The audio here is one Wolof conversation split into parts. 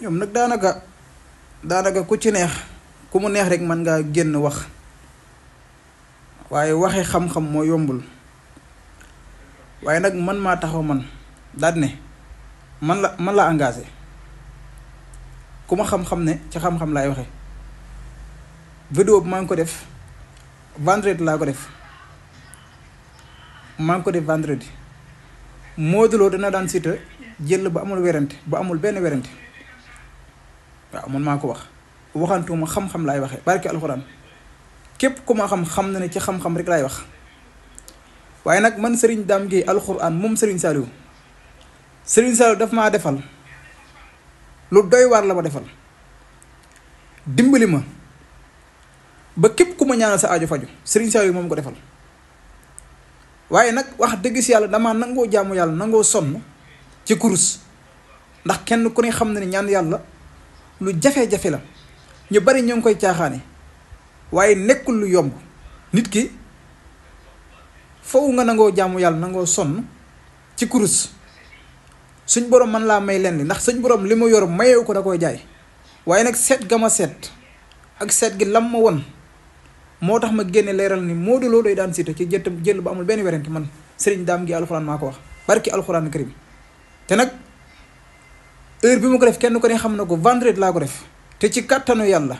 ñoom nag daanaka daanaka ku ci neex ku mu neex rek mën ngaa génn wax waaye waxe xam-xam moo yombul waaye nag man maa taxaw man daal ne man la man la engagé ku ma xam-xam ne ci xam-xam laay waxe vidéo bi maa ngi ko def vendredi laa ko def maa ngi ko def vendredi moo Lo dana daan Siteu jël ba amul werante ba amul benn werante amoon man maa ko wax waxantuma xam-xam laay waxee barke alxuraan képp ku ma xam xam na ne ci xam-xam rek laay wax waaye nag man sëriñ Dame Gueye alxuraan moom Serigne Saliou Serigne Saliou daf maa defal lu doy waar la ma defal dimbali ma ba képp ku ma ñaanal sa ajo faju Serigne Saliou moom ko defal waaye nag wax dëgg si yàlla damaa nangoo jàmm yàlla nangoo sonn ci kurus ndax kenn ku ne xam na ne ñaan yàlla. lu jafe-jafe la ñu bari ñoo ngi koy caaxaane waaye nekkul lu yomb nit ki foofu nga nangoo jaamu yàlla nangoo sonn ci kurus suñ borom man laa may lenn ndax suñ borom li ma yor mayewu ko da koy jaay waaye nag seet ga ma seet ak seet gi lam ma won moo tax ma génne leeral ni Modou Lo doy daan siita ci jëtt jël ba amul benn werante man sëriñ daam gi alxuraan maa ko wax barki alxuraan karim te nag heure bi mu ko def kenn ko ne xam na ko vendredi laa ko def te ci kàttanu yàlla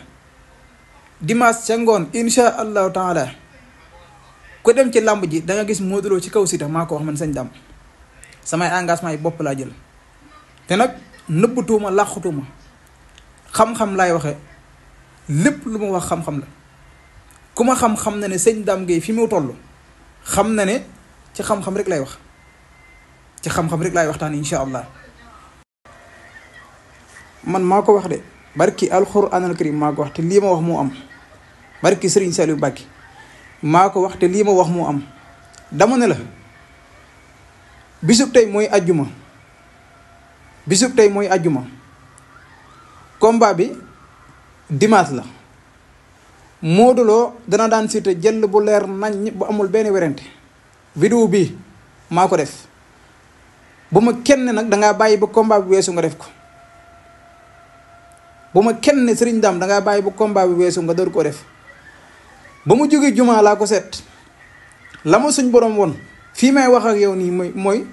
dimanche ca ngoon insha allahu taala ku dem ci làmb ji da gis Modou Lo ci kaw Siteu maa ko wax man sañ dam samay engagement yi bopp laa jël te nag nëbbatuuma làqutuma xam-xam laay waxe lépp lu ma wax xam-xam la ku ma xam-xam na ne sëñ Dame Gueye fi mu toll xam na ne ci xam-xam rek lay wax ci xam-xam rek laay waxtaan incha allah man maa ko wax de barki alxuraanal karim maa ko wax te lii ma wax moo am barki Serigne Saliou Mbacke maa ko wax te lii ma wax moo am dama ne la bisub tey mooy ajjuma bisub tey mooy ajjuma combat bi dimaas la Modou Lo dana daan Siteu jël bu leer nañ bu amul benn werante vidéo bi maa ko def bu ma kenn nag dangaa bàyyi ba combat bi weesu nga def ko bu ma kenn ne sëriñ daam dangaa bàyyi bu combat bi weesu nga door ko def ba mu jógee jumaa laa ko seet la ma suñ borom woon fii may wax ak yow nii mooy mooy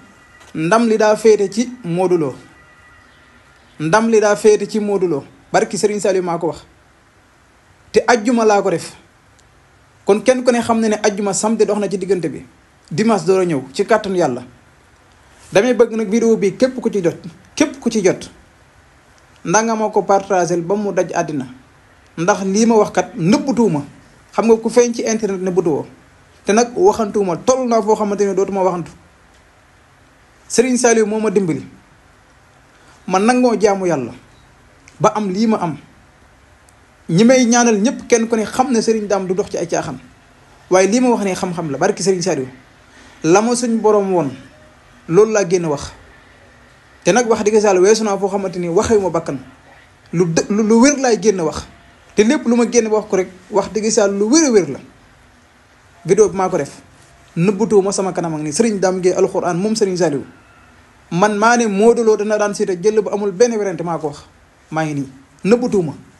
ndam li daa féete ci mooduloo Lo ndam li daa féete ci Modou Lo barki sëriñ Saliou maa ko wax te ajjuma laa ko def kon kenn ku ne xam ne ne ajjuma samedi dox na ci diggante bi dimanche door a ñëw ci kàttanu yàlla damay bëgg nag vidéo bi képp ku ci jot képp ku ci jot ndanga ma ko partagel ba mu daj àddina ndax lii ma wax kat nëbbutuuma xam nga ku feeñ ci internet nëbbutuwoo te nag waxantuuma toll nga foo xamante ne dootuma waxantu sëriñ Saliou moo ma dimbali ma nangoo jaamu yàlla ba am lii ma am ñi may ñaanal ñëpp kenn ku ne xam ne sëriñ daam du dox ci ay caaxam waaye lii ma wax ne xam-xam la barki Serigne Saliou la ma suñ borom woon loolu laa génn wax. te nag wax di yàlla weesu naa foo xamante ni waxee ma bakkan lu dë lu wér laay génn wax te lépp lu ma génn wax ko rek wax dëgg yàlla lu wér wér la vidéo bi maa ko def nëbbatoo ma sama kanam ak ni sëriñ daam Gueye alxuraan moom sëriñ Saliou man maa ne Modou Lo dana daan siita jël bu amul benn werante maa ko wax maa ngi nii nëbbatoo ma